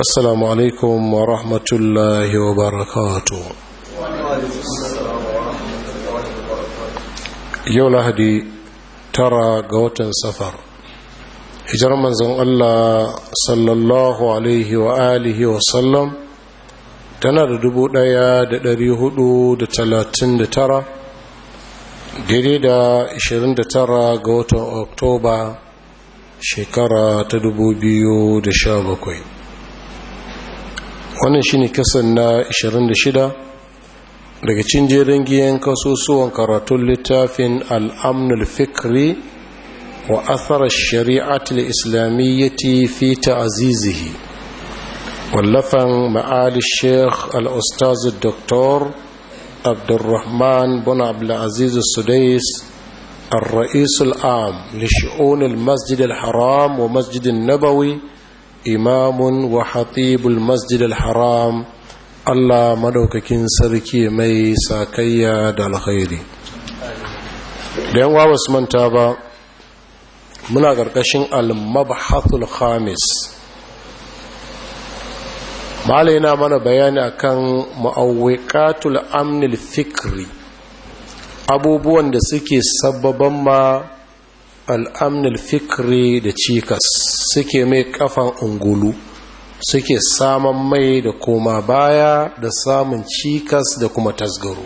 السلام عليكم ورحمة الله وبركاته يو لهدي ترى قوت سفر هجر من زن الله صلى الله عليه وآله وسلم تنا دبو دايا دري هدو دتلاتين دترى ديري دا اشيرين دترى قوت اكتوبر شكرا تدبو بيو دشابكوين wannan shine kasan na 26 daga cinjerin giyan kasusuwan karatun littafin al'amnul fikri wa athar shari'atul islamiyyati fi ta'azizihi wallafan ma'ali sheikh al-ustaz doktor abdurrahman bin abdulaziz sudais الرئيس العام لشؤون المسجد الحرام ومسجد النبوي imamun wa hatibul masjid al-haram Allah maɗaukakin sarki mai sakayya da Alheri. da yan wawa su manta ba muna ƙarƙashin al khamis malai na mana bayani akan ma'awwiqatul amnil fikri abubuwan da suke sababan ma al'amnul fikri da cikas suke mai kafan ungulu suke saman mai da koma baya da samun cikas da kuma tasgaro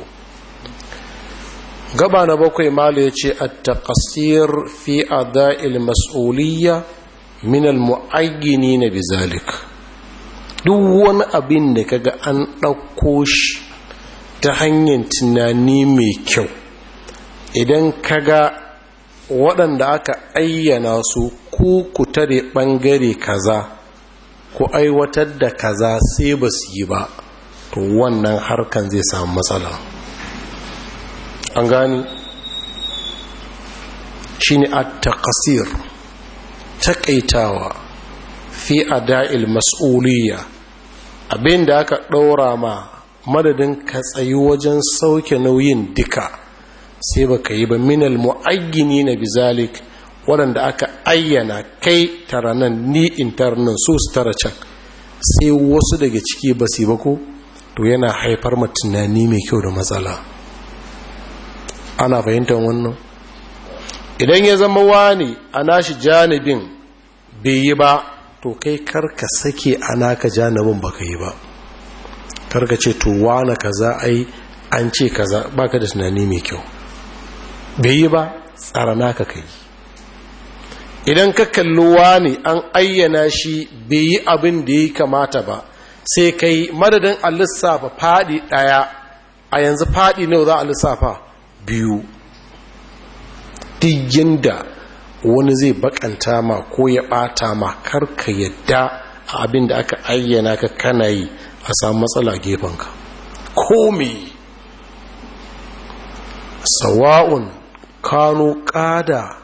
gaba na bakwai malu ya ce a taƙasir fi a da'il mas'uliyya minal mu'ayyini na bizalik duk wani abin da kaga an ɗauko shi ta hanyar tunani mai kyau idan kaga waɗanda aka ayyana su ku ku tare ɓangare kaza ku aiwatar da kaza sai ba su yi ba to wannan harkan zai samu matsala an gani shi ne a taƙasir taƙaitawa fi a da'il mas'uliya abin da aka ɗaura ma madadin ka tsayi wajen sauke nauyin duka sai baka yi ba minal mu'ayyini na bizalik waɗanda aka ayyana kai taranan ni in tara su su tara can sai wasu daga ciki ba su ba ko to yana haifar ma tunani mai kyau da matsala ana fahimtar wannan idan ya zama wani a nashi janibin bai yi ba to kai karka sake ana ka janibin baka yi ba karka ce to wane kaza ai an ce kaza baka da tunani mai kyau bai yi ba tsarana ka kai idan ka kalli ne an ayyana shi bai yi abin da ya kamata ba sai kai madadin a lissafa fadi daya a yanzu fadi nawa za a lissafa biyu duk da wani zai bakanta ma ko ya bata ma karka yadda a abin da aka ayyana ka kana yi a samu matsala gefenka komi sawa'un kano ƙada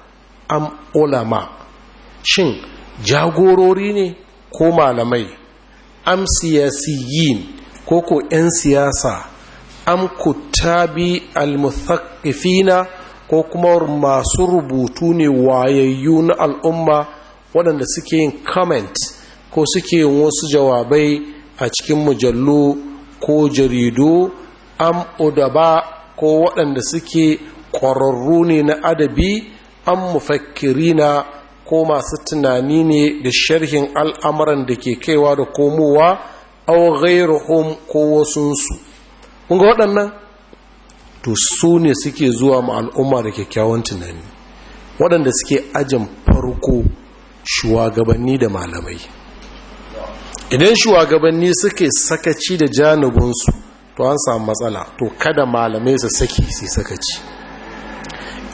am ulama shin jagorori ne ko malamai am siyasiyin ko ko 'yan siyasa am al almuthaqifina ko kuma masu rubutu ne wayayyu na al'umma waɗanda suke yin comment ko suke yin wasu jawabai a cikin mujallu ko jaridu am udaba ko waɗanda suke ƙwararru ne na adabi an mufakkirina ko masu tunani ne da sharhin al'amuran da ke kaiwa da komowa au ghairuhum ko wasunsu kun ga waɗannan to su ne suke zuwa ma al'umma da kyakkyawan tunani waɗanda suke ajin farko shugabanni da malamai idan shugabanni suke sakaci da janubinsu to an samu matsala to kada malamai su saki sai sakaci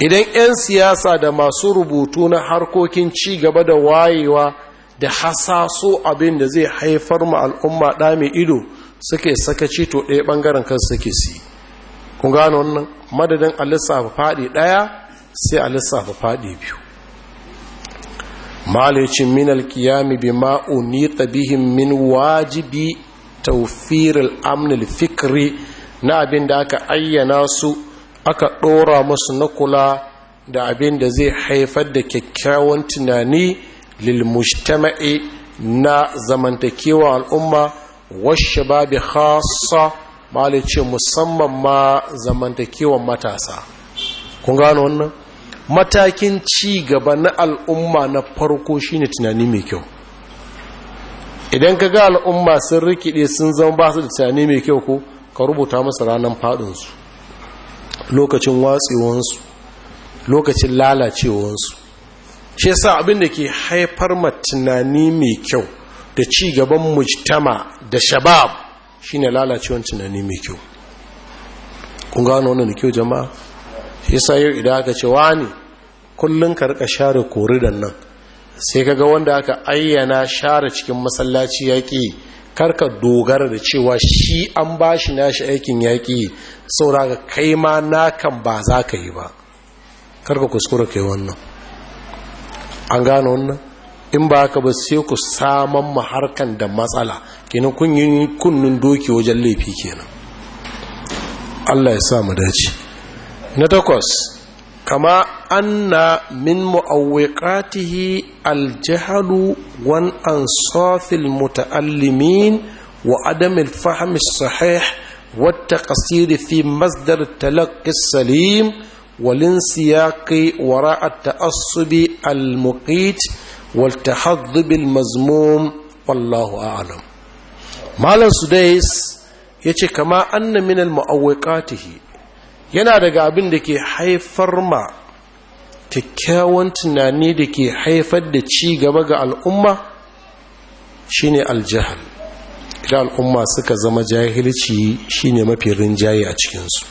idan 'yan siyasa da masu rubutu na harkokin ci gaba da wayewa da hasaso abin da zai haifar ma al'umma ɗa mai ido suke sakaci to ɗaya ɓangaren kan suke si kun gano wannan madadin a lissafa faɗi ɗaya sai a lissafa faɗi biyu malicin min alkiyami bi ma'uni tabihin min wajibi taufiril amnil fikri na abin da aka ayyana su aka ɗora musu na kula da abin da zai haifar da kyakkyawan tunani lilmujtama'i na zamantakewa al'umma washe babi hasa malice musamman ma zamantakewan matasa kun gano wannan matakin ci gaba na al'umma na farko shine tunani mai kyau idan ka ga al'umma sun rikide sun zama ba su da tunani mai kyau ko ka rubuta masa ranar faɗinsu lokacin watsewansu lokacin lalacewansu shi yasa abin da ke haifar ma tunani mai kyau da ci gaban mujtama da shabab shine lalacewan tunani mai kyau kun gano wannan da kyau jama'a shi yasa yau idan aka ce wani kullun ka rika share da nan sai kaga wanda aka ayyana share cikin masallaci yaƙi karka dogara da cewa shi an ba shi nashi aikin yaƙi saura ga kai ma nakan ba za ka yi ba karka kuskura kai wannan an gano wannan in ba ka ba sai ku saman maharkan da matsala kenan kun yi kunnun doki wajen laifi kenan Allah ya sa mu dace na takwas kama anna min mu'awwiqatihi aljahalu wan ansafil muta'allimin wa adam alfahm as-sahih wa at-taqsir fi masdar talaqqi as-salim والانسياق وراء التعصب المقيت والتحظب mazmum والله a'lam malam sudais ya ce kama anna min al-mu'awwiqatihi yana daga abin da ke haifar ma kyakkyawan tunani da ke haifar da ci gaba ga al'umma shine aljahal idan al'umma suka zama jahilci shine mafi rinjaye a cikinsu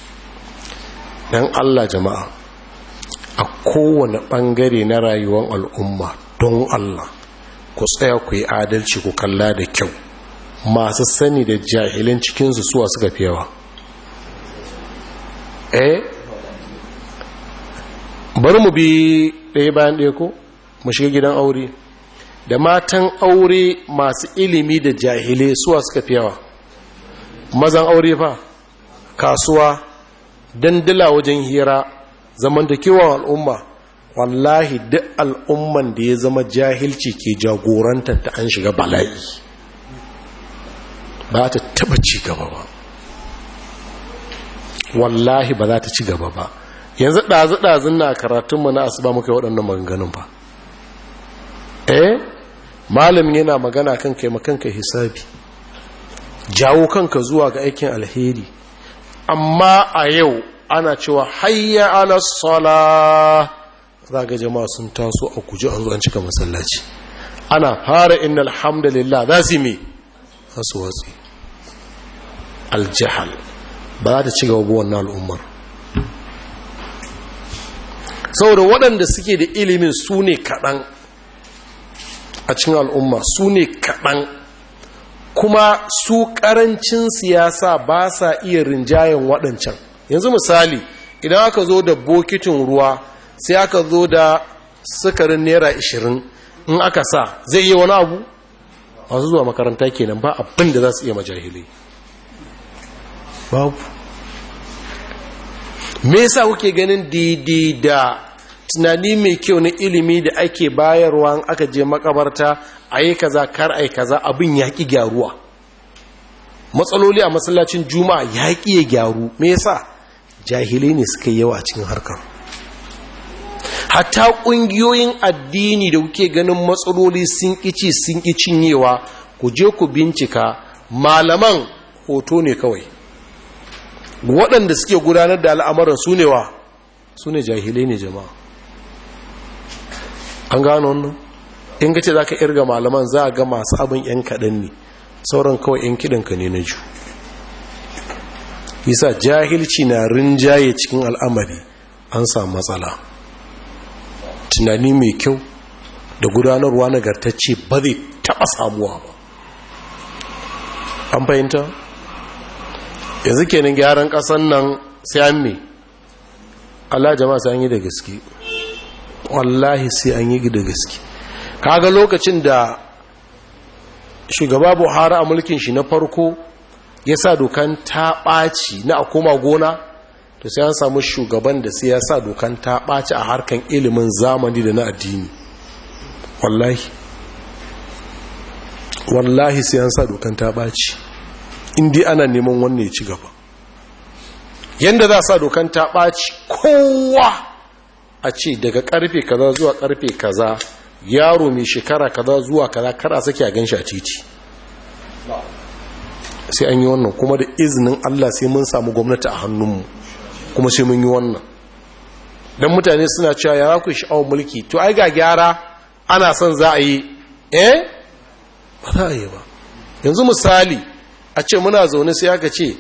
don allah jama'a a kowane ɓangare na rayuwan al'umma don allah ku tsaya ku yi adalci ku kalla da kyau masu sani da jahilin cikinsu suwa suka fi yawa eh bari mu bi ɗaya bayan ɗaya ko mu shiga gidan aure da matan aure masu ilimi da jahilai suwa suka fi yawa mazan aure fa kasuwa dandala wajen hira zaman da kewan al'umma wallahi duk al'umman da ya zama jahilci ke jagorantar ta an shiga bala'i ba ta taba ci gaba ba wallahi ba za ta ci gaba ba yanzu ɗazu-ɗazun na karatunmu na asuba muka waɗannan maganganun ba eh malamin yana magana kan kai makanka hisabi jawo kanka zuwa ga aikin alheri amma a yau ana cewa hayya ala za ga jama'a sun taso a kuji an zo an cika masallaci ana fara inna alhamdulillah za su yi mai aljihal ba za ta ci gaba wannan al'ummar saboda waɗanda suke da ilimin su ne kaɗan a cikin al'umma su ne kaɗan kuma su ƙarancin siyasa ba sa iya rinjayen waɗancan yanzu misali idan aka zo da bokitin ruwa sai aka zo da sukarin naira 20 in aka sa zai yi wani abu masu zuwa makaranta kenan ba abin da za su iya majahili. babu me yasa kuke ganin didi da tunani mai kyau na ilimi da ake bayarwa aka je makabarta a yi kaza kar a yi kaza abin ya ƙi gyaruwa matsaloli a masallacin juma'a ya ƙi ya gyaru me yasa jahilai ne suka yi yawa cikin harkar hatta ƙungiyoyin addini da kuke ganin matsaloli sun ƙici sun ƙi cinyewa ku je ku bincika malaman hoto ne kawai waɗanda suke gudanar da al'amuran su ne wa su ne jahilai ne jama'a an gano wannan in ka ce za ka irga malaman za a ga masu abin 'yan kaɗan ne sauran kawai 'yan kiɗanka ne na ju yasa jahilci na rinjaye cikin al'amari an samu matsala tunani mai kyau da gudanarwa nagartacce ba zai taɓa samuwa ba an fahimta yanzu kenan gyaran kasan nan sai an me Allah jama'a sai an yi da gaske wallahi sai an yi da gaske kaga lokacin da shugaba buhari a mulkin shi na farko ya sa dokan ta ɓaci na a koma gona to sai an samu shugaban da sai ya sa dokan ta ɓaci a harkan ilimin zamani da na addini wallahi wallahi sai an sa dokan ta ɓaci indi ana neman wannan ya ci gaba yadda za sa dokan ta ɓaci kowa a ce daga ƙarfe kaza zuwa ƙarfe kaza yaro mai shekara kaza zuwa kaza kara sake a ganshi a titi sai an yi wannan kuma da izinin allah sai mun samu gwamnati a hannunmu kuma sai mun yi wannan don mutane suna cewa ya ku sha'awar mulki to ai ga gyara ana son za a yi eh ba za a yi ba yanzu misali a ce muna zaune sai aka ce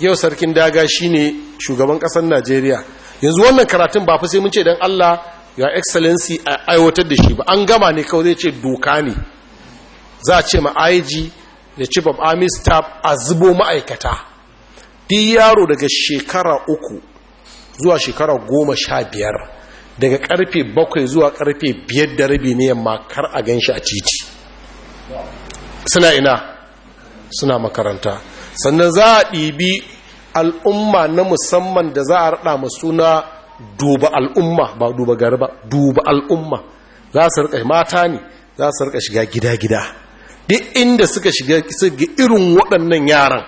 yau sarkin daga shi ne shugaban ƙasar najeriya yanzu wannan karatun ba fa sai mun ce don allah ya excellency a aiwatar da shi ba an gama ne kawai zai ce doka ne za a ce ma IG da chief of army staff a zubo ma'aikata duk yaro daga shekara uku zuwa shekara goma sha biyar daga karfe bakwai zuwa karfe biyar da rabi ne yamma kar a gan shi a titi suna ina suna makaranta sannan za a ɗibi al'umma na musamman da za a raɗa suna duba al'umma ba duba gari ba duba al'umma za su rika mata ne za su rika shiga gida-gida duk inda suka shiga irin waɗannan yaran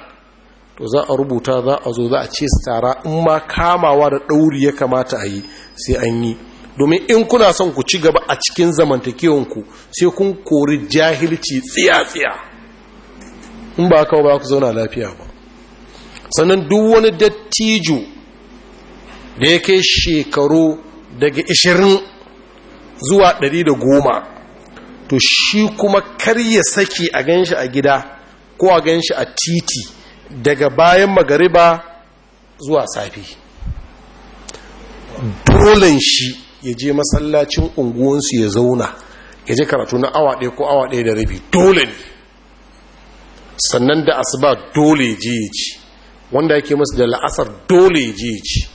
to za a rubuta za a zo za a ce su tara in ma kamawa da ɗauri ya kamata a yi sai an yi domin in kuna son ku ci gaba a cikin zamantakewanku sai kun kori jahilci tsiya-tsiya in ba kawo ba ku zauna lafiya ba sannan duk wani dattijo da ya kai shekaru daga 20 zuwa 110 to shi kuma kar ya saki a ganshi a gida ko a ganshi a titi daga bayan magariba zuwa safi dolen shi ya je masallacin unguwansu ya zauna ya je karatu na awa ɗaya ko awa ɗaya da rabi dole ne sannan da asuba dole je ci wanda yake masu da la'asar dole ya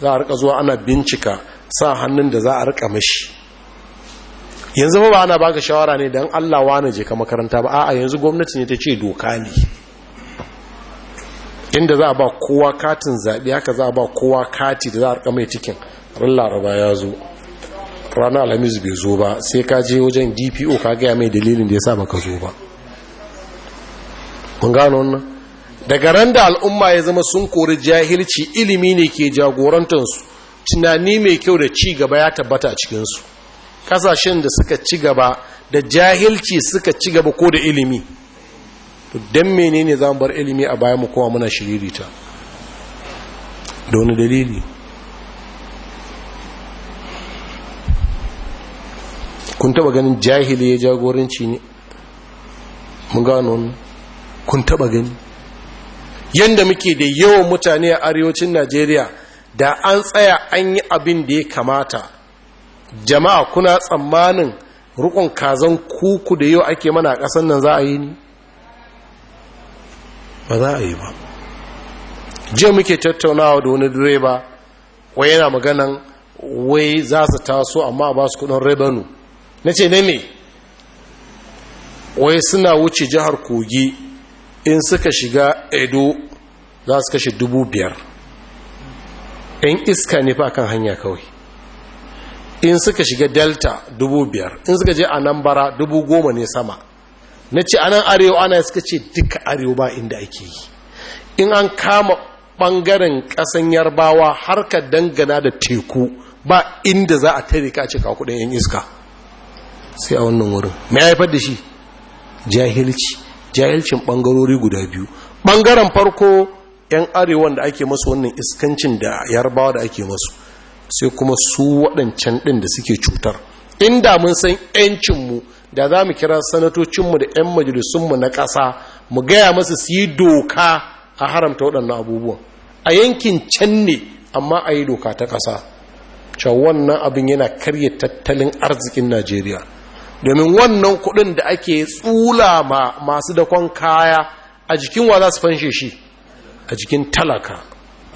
za a rika zuwa ana bincika sa hannun da za a rika mashi yanzu ba ana baka shawara ne don Allah wani je ka makaranta ba a'a yanzu gwamnati ne ta ce doka ne inda za a ba kowa katin zaɓe haka za a ba kowa kati da za a rika mai cikin rallaraba laraba ya zo ranar alhamis bai zo ba sai ka je wajen dpo ka gaya mai dalilin da ya sa baka zo ba mun gano wannan daga ran da al'umma ya zama sun kori jahilci ilimi ne ke jagorantarsu tunani mai kyau da ci gaba ya tabbata a cikinsu kasashen da suka ci gaba da jahilci suka ci gaba ko da ilimi to don menene za mu bar ilimi a baya mu kowa muna shiririta da wani dalili kun taba ganin jahili ya jagoranci ne mun gano wannan kun taba gani yadda muke da yawan mutane a arewacin najeriya da an tsaya an yi abin da ya kamata jama'a kuna tsammanin rukun kazan kuku da yau ake mana a ƙasan nan za a yi ni ba za a yi ba jiya muke tattaunawa da wani direba wai yana maganan wai za su taso amma ba su kudin rebanu na ce ne ne wai suna wuce jihar kogi in suka shiga edo za su kashe dubu biyar in iska ne fa kan hanya kawai in suka shiga delta dubu biyar in suka je a nan bara dubu goma ne sama na ce anan arewa ana suka ce duka arewa ba inda ake yi in an kama ɓangaren kasan yarbawa har ka dangana da teku ba inda za a tare ka ce kawo kudin yan iska sai a wannan wurin mai haifar da shi jahilci jahilcin ɓangarori guda biyu ɓangaren farko 'yan arewan da ake masu wannan iskancin da yarbawa da ake masu sai kuma su waɗancan ɗin da suke cutar inda mun san 'yancinmu da za mu kira sanatocinmu da 'yan majalisunmu na ƙasa mu gaya masu su yi doka a haramta waɗannan abubuwan a yankin can ne amma a yi doka ta ƙasa cewa wannan abin yana karya tattalin arzikin najeriya domin wannan kudin da ake tsula ma masu dakon kaya a jikin wa za su fanshe shi a jikin talaka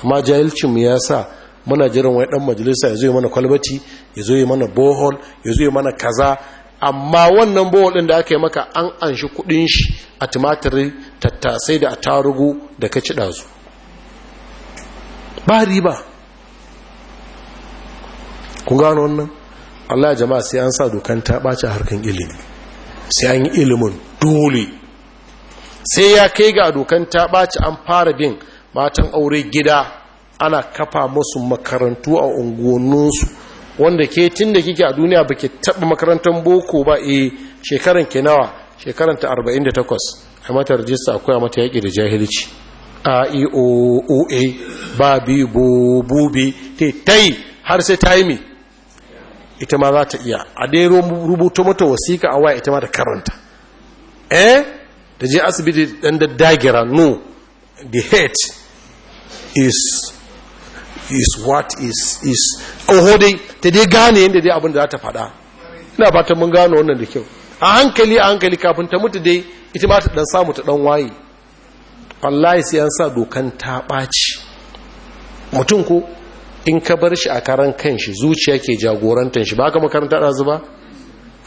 amma mu ya sa muna jiran wani dan majalisa ya zo yi mana kwalbati ya zo yi mana bohol ya zo yi mana kaza amma wannan bohol ɗin da aka yi maka an anshi kudin shi a tumatiri tattasai da tarugu da ka ci ba riba kun gano wannan Allah jama'a sai an sa dokan ta bace harkan ilimi sai an yi ilimin dole sai ya kai ga dokan ta bace an fara bin matan aure gida ana kafa musu makarantu a unguwanninsu wanda ke tun da kike a duniya baki taba taɓa makarantar boko ba e shekaran ke nawa shekaran ta 48 a mata rajista akwai a mata yaki da jahilci a e, O eoa ba bi bo bube tai har sai ta ita ma za ta iya a dai rubuto mata wasiƙa a waya ita ma ta karanta eh da je asibiti dan da dagira no the head is is what is is oh dai ta dai gane yadda dai abin da za ta faɗa ina ba mun gano wannan da kyau a hankali a hankali kafin ta mutu dai ita ma ta dan samu ta ɗan waye wallahi sai an sa dokan ta ɓaci mutum ko in ka bar shi a karan kanshi zuciya ke jagorantar shi ba ka makaranta ɗazu ba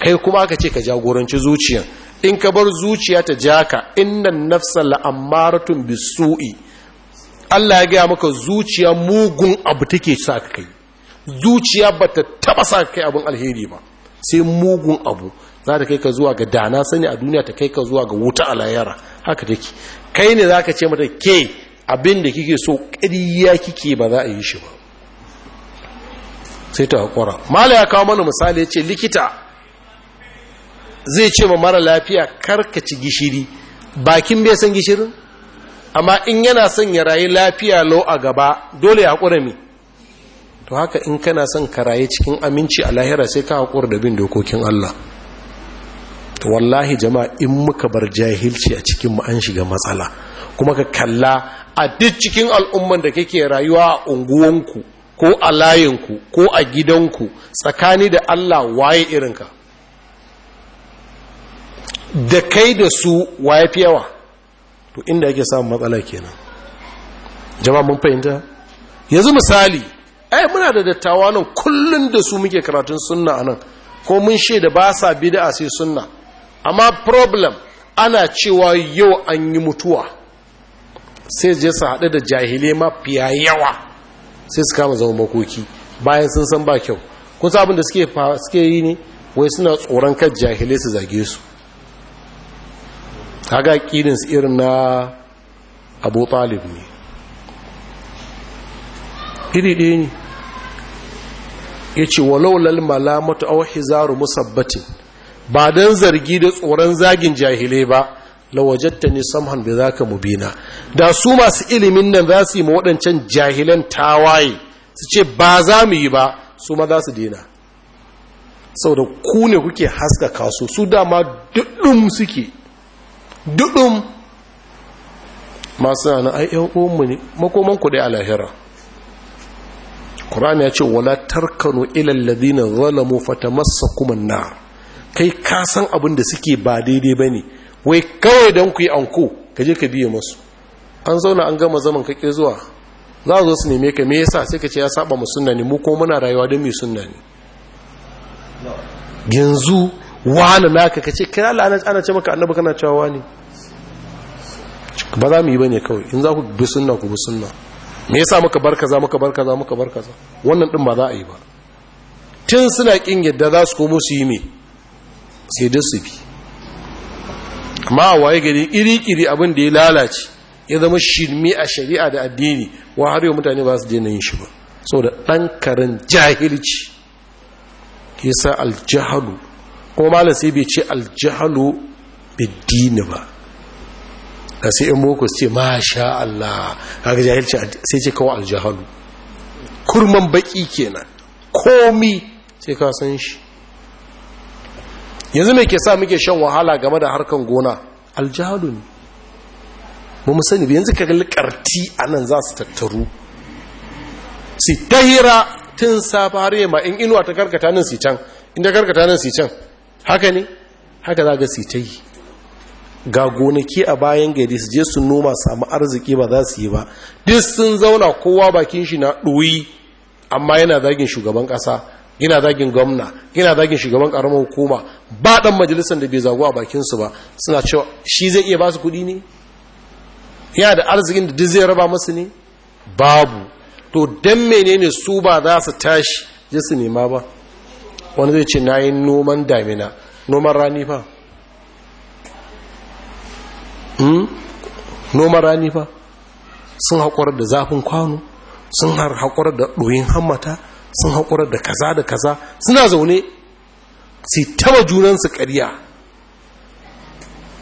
kai kuma aka ce ka jagoranci zuciyan in ka bar zuciya ta ja ka innan nafsa la'amaratun bisu'i Allah ya gaya maka zuciya mugun abu take sa ka kai zuciya ba ta taba sa ka kai abin alheri ba sai mugun abu za ta kai ka zuwa ga dana sani a duniya ta kai ka zuwa ga wuta a layara haka take kai ne za ka ce mata ke abin da kike so ƙariya kike ba za a yi shi ba sai ta haƙura mala ya kawo mana misali ya ce likita zai ce ma mara lafiya karkaci gishiri bakin bai san gishirin amma in yana son ya rayu lafiya lau a gaba dole ya haƙura mi to haka in kana son ka rayu cikin aminci a lahira sai ka haƙura da bin dokokin Allah to wallahi jama'a in muka bar jahilci a cikin mu an shiga matsala kuma ka kalla a duk cikin al'umman da kake rayuwa a unguwanku ko a layinku ko a gidanku tsakani da Allah waye irinka da kai da su waye fi yawa to inda yake samun matsala kenan jama'a mun fahimta yanzu misali ai muna da dattawa nan kullun da su muke karatun sunna anan ko mun shaida ba sa bid'a sai sunna amma problem ana cewa yau an yi mutuwa sai je su haɗu da jahilai mafiya yawa sai su kama zama makoki bayan sun san ba kyau kun abin da suke suke yi ne wai suna tsoron kan jahilai su zage su kaga kidin su irin na Abu Talib ne iri ɗaya ne yace walau lal malamatu aw hizaru musabbatin ba dan zargi da tsoron zagin jahilai ba lawajatta ne samhan da mu mubina da su masu ilimin nan za su yi ma waɗancan jahilan tawaye su ce ba za mu yi ba su ma za su dina sau da ku ne kuke haska su su dama duɗum suke duɗum masu na ayyan umu ne ku dai a lahira ƙura'an ya ce wala tarkano ilalladina zalamu fata masa kuma na kai kasan abin da suke ba daidai ba ne wai kawai don ku yi anko ka je ka biye masu an zauna an gama zaman kake zuwa za a zo su neme ka me yasa sai ka ce ya saba mu sunna ne mu ko muna rayuwa don mai sunna ne yanzu wani naka ka ce kira la ana ce maka annabi kana cewa ne ba za mu yi bane kawai in za ku bi sunna ku bi sunna me yasa muka bar kaza muka bar kaza muka bar kaza wannan din ba za a yi ba tun suna kin yadda za su komo su yi me sai dai su bi amma waye gani iri-iri abin da ya lalace ya zama shirme a shari'a da addini wa har yau mutane ba su daina yin shi ba da ɗan karen jahilci sa aljahalu kuma malam sai bai ce aljahalu biddini ba da sai in boko ce masha Allah haka jahilci sai ce kawo aljahalu kurman baki kenan komi sai ka san shi yanzu mai ke sa muke shan wahala game da harkan gona aljahalu ne ba mu sani ba yanzu ka kalli karti a nan za su tattaru si ta hira tun safare ma in inuwa ta karkata nan si can in karkata nan si haka ne haka za ga si ga gonaki a bayan gari su je su noma samu arziki ba za su yi ba duk sun zauna kowa bakin shi na ɗoyi amma yana zagin shugaban ƙasa ina zagin gwamna ina zagin shugaban karamar hukuma ba dan majalisar da bai zagu a su ba suna cewa shi zai iya basu su kuɗi ne yana da arzikin da duk zai raba masu ne babu to dan menene su ba za su tashi je su nema ba wani zai ce yi noman damina noman rani fa hmm? noman rani fa sun haƙurar da zafin kwano sun har da ɗoyin hammata sun haƙura da kaza da kaza suna zaune su taba junansu ƙarya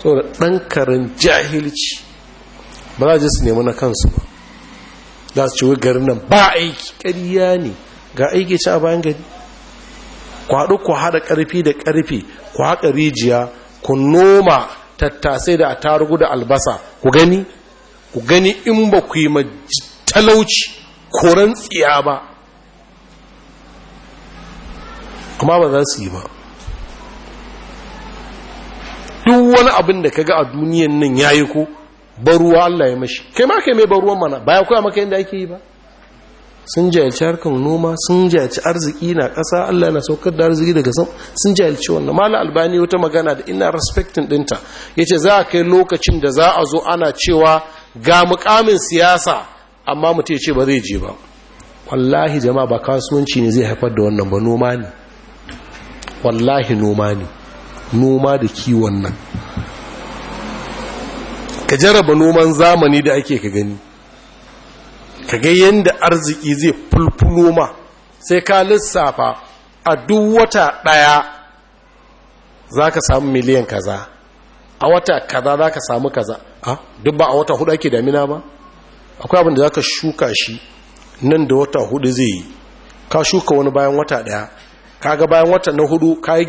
saboda ɗan karin jahilci ba za ji su nemi na kansu ba za su ce garin nan ba aiki ƙarya ne ga aiki ci a bayan gari Kwaɗo ku haɗa ƙarfi da ƙarfi ku haƙa rijiya ku noma tattasai da tarugu da albasa ku gani ku gani in ba ku yi ma talauci koren tsiya ba kuma ba za su yi ba duk wani abin da kaga a duniyan nan ya yi ko baruwa Allah ya mashi kai ma kai mai baruwan mana baya koya maka yadda ake yi ba sun jayalci harkar noma sun jayalci arziki na ƙasa Allah na saukar da arziki daga sun sun jayalci wannan mala albani wata magana da ina respectin dinta yace za a kai lokacin da za a zo ana cewa ga mukamin siyasa amma mutum ya ce ba zai je ba wallahi jama'a ba kasuwanci ne zai haifar da wannan ba noma ne wallahi noma ne noma da kiwon nan ka jaraba noman zamani da ake ka gani ka ga yadda arziki zai fulfulo ma sai ka lissafa a duk wata ɗaya za ka samu miliyan kaza a wata kaza za ka samu kaza a duk ba a wata hudu ake damina ba akwai abin da za ka shuka shi nan da wata hudu zai yi ka shuka wani bayan wata ɗaya kaga bayan wata na hudu ka yi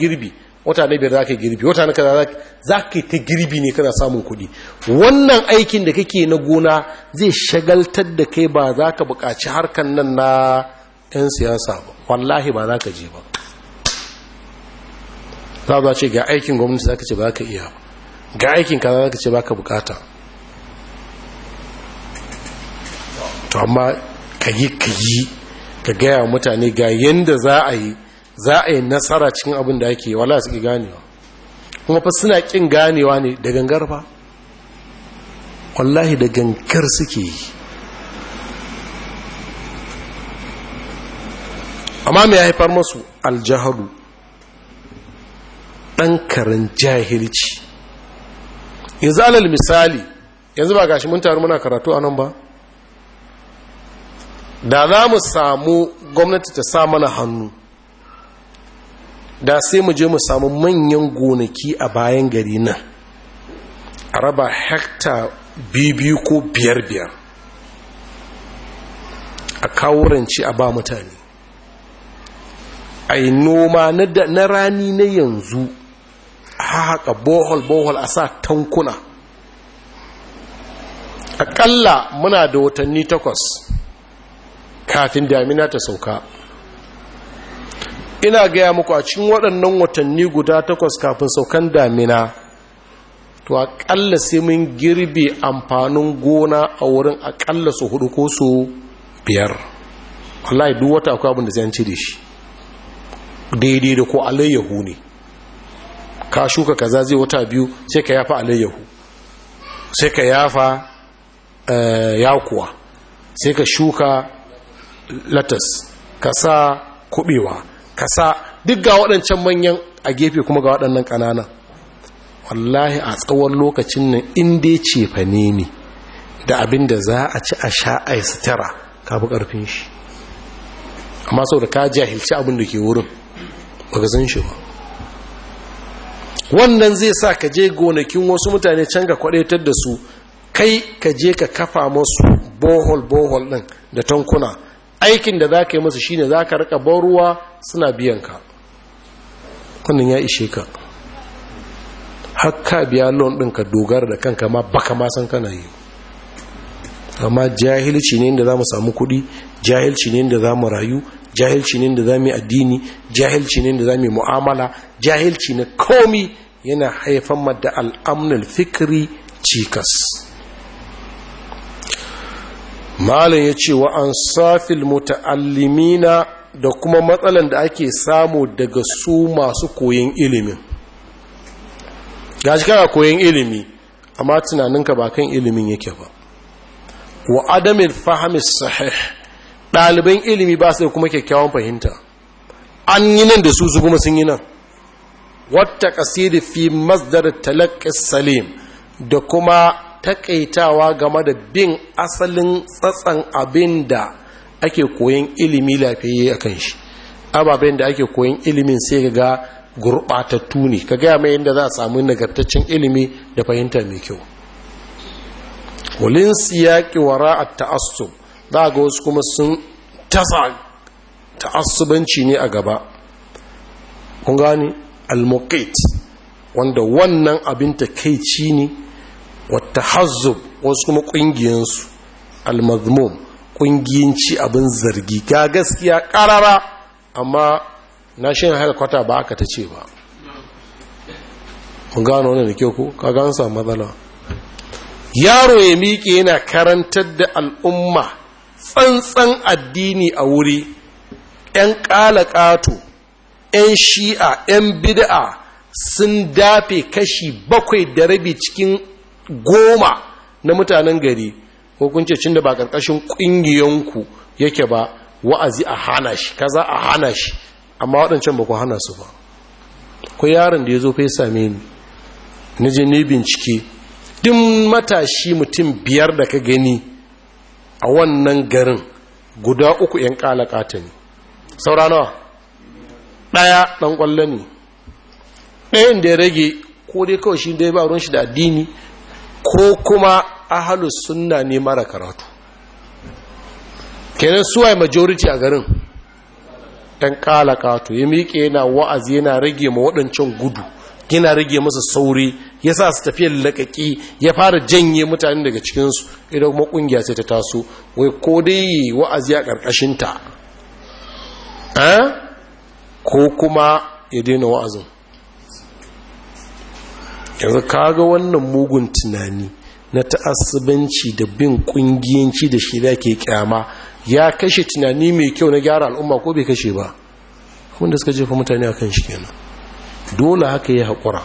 girbi wata na biyar za ka girbi wata na kada za ka ta girbi ne kana samun kudi wannan aikin da kake na gona zai shagaltar da kai ba za ka buƙaci harkar nan na 'yan siyasa ba wallahi ba za ka je ba za ba ce ga aikin gwamnati za ka ce ba ka iya ga aikin kaza za ka ce ba ka buƙata to amma ka yi ka yi ka gaya mutane ga yadda za a yi za a yi nasara cikin abin da ake wala suke ganewa kuma fa suna kin ganewa ne da gangar fa wallahi da gangar suke yi amma mai haifar masu aljaharu ɗan karin jahilci yanzu alal misali yanzu ba gashi mun taru muna karatu a nan ba da za mu samu gwamnati ta sa mana hannu da sai mu je mu samu manyan gonaki a bayan gari nan a raba hekta biyu ko biyar-biyar a kawo rance a ba mutane a yi noma na rani na yanzu a haka bohol-bohol a sa tankuna akalla muna da watanni takwas kafin damina ta sauka ina gaya muku a cikin waɗannan watanni guda takwas kafin saukan damina to aƙalla sai mun girbe amfanin gona a wurin aƙalla su hudu ko su biyar wallahi duk wata akwai abin da zai cire shi daidai da ko alayyahu ne ka shuka kaza zai wata biyu sai ka yafa alayyahu sai ka yafa eh, yakuwa sai ka shuka latas ka sa kubewa ka sa duk ga waɗancan manyan a gefe kuma ga waɗannan ƙananan wallahi a tsawon lokacin nan inda ya ce fane ne da abin da za a ci a sha a sutura ka bu ƙarfin shi amma sau da ka jahilci abin da ke wurin ba san shi ba wannan zai sa ka je gonakin wasu mutane can ka kwadatar da su kai ka je ka kafa masu bohol bohol din da tankuna aikin da za ka yi shi shine za ka rika ban ruwa suna biyan ka kunnin ya ishe ka hakka biya loan ɗin ka dogara da kanka ma baka ma san kana yi amma jahilci ne inda za mu samu kuɗi jahilci ne inda za mu rayu jahilci ne inda za mu yi addini jahilci ne inda za mu yi mu'amala jahilci na komi yana haifan da al'amnul fikiri cikas malam ya ce wa an safil muta'allimina da kuma matsalan da ake samu daga su masu koyin ilimin shi kana koyin ilimi amma tunaninka ba kan ilimin yake ba wa adamin fahimis sahih ɗaliban ilimi ba su da kuma kyakkyawan fahimta an yi nan da su su kuma sun yi nan wata ƙasiri fi masdar talakis salim da kuma Takaitawa game da bin asalin tsatsan abin da ake koyon ilimi lafiye a kan shi ababen da ake koyon ilimin sai ga gurɓatattu ne ka gaya mai yadda za a samu nagartaccen ilimi da fahimta mai kyau walin siyaƙi wara a ta'assub za ga wasu kuma sun tasa ta'assubanci ne a gaba kun gani almokait wanda wannan abin takaici ne wata hazzub wasu kuma ƙungiyansu almazmum ƙungiyanci abin zargi ga gaskiya ƙarara amma na national headquarter ba aka ta ce ba mun gano wani da kyau ko ka gansa matsala yaro ya miƙe yana karantar da al'umma tsantsan addini a wuri 'yan ƙalaƙato 'yan shi'a 'yan bid'a sun dafe kashi bakwai da rabi cikin goma na mutanen gari ko kun ce cin da ba karkashin ƙungiyanku yake ba wa'azi a hana shi kaza a hana shi amma waɗancan ba ku hana su ba ku yaron da ya zo fai same ni na je ne bincike ɗin matashi mutum biyar da ka gani a wannan garin guda uku 'yan kalakata ne sauranawa nawa ɗaya ɗan ƙwallo ne ɗayan da ya rage ko dai kawai shi dai ba ruwan shi da addini ko kuma ahalus sunna ne mara karatu kenan suwa yi majority a garin ɗan ƙala ƙato ya miƙe yana wa'azi yana rage ma waɗancan gudu yana rage masa sauri ya sa su tafiya laƙaƙi ya fara janye mutane daga cikinsu idan kuma ƙungiya sai ta taso wai ko dai wa'azi a ƙarƙashinta eh? ko kuma ya daina wa'azin yanzu kaga wannan mugun tunani na ta'assubanci da bin kungiyanci da shi da ke kyama ya kashe tunani mai kyau na gyara al'umma ko bai kashe ba wanda suka jefa mutane akan shi kenan dole haka ya haƙura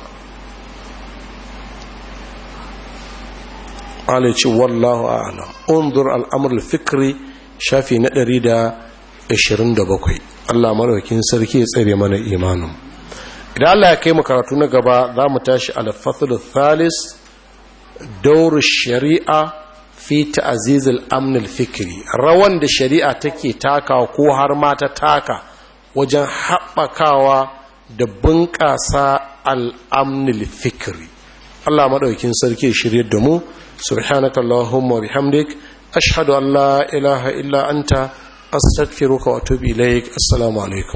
ala ce wallahu ala undur al'amur fikiri fikri shafi na 127 Allah marwakin sarki ya tsare mana imanin idan Allah ya kai mu karatu na gaba za mu tashi al-fasl thalis daur shari'a fi ta'ziz al-amn al-fikri rawan da shari'a take taka ko har ma ta taka wajen haɓakawa da bunƙasa al-amn al-fikri Allah madaukin sarki shirye da mu subhanakallahumma wa bihamdik ashhadu an la ilaha illa anta astaghfiruka wa atubu ilaik assalamu alaikum